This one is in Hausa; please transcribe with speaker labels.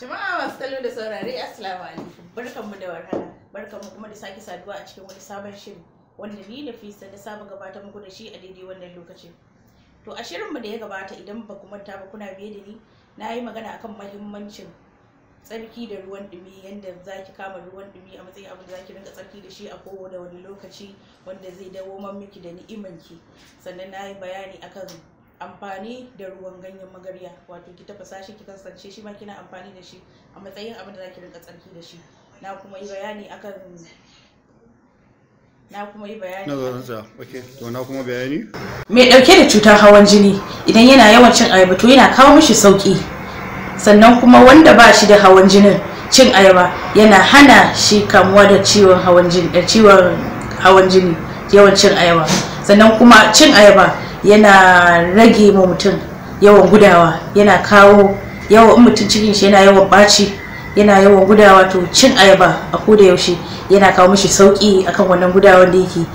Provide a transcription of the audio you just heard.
Speaker 1: Jama'a masu kallo da saurare Assalamu alaikum. Barkanmu da warhaka. Barkanmu kuma da sake saduwa a cikin wani sabon shiri wanda ni da Fisa da saba gabatar muku da shi a daidai wannan lokacin. To a shirinmu da ya gabata idan ba ku manta ba kuna biye da ni na yi magana akan mahimmancin tsarki da ruwan dumi yadda za ki kama ruwan dumi a matsayin abin da za ki rinka tsarki da shi a kowane wani lokaci wanda zai dawo miki da ni'imanki sannan na yi bayani akan amfani da ruwan ganyen magarya wato ki tafasa shi ki kasance shi ma kina amfani da shi a matsayin abin da zaki rinka tsarki da shi na kuma yi bayani akan na kuma yi
Speaker 2: bayani to na kuma bayani
Speaker 1: mai dauke da cutar hawan jini idan yana yawan cin ayaba to yana kawo mishi sauki sannan kuma wanda ba shi da hawan jinin cin ayaba yana hana shi kamuwa da ciwon hawan jini da ciwon hawan jini yawan cin ayaba sannan kuma cin ayaba yana rage ma mutum yawan gudawa yana kawo yawan mutum cikin shi yana yawan ɓaci yana yawan gudawa to cin ayaba a koda yaushe yana kawo mishi sauki akan wannan gudawan da yake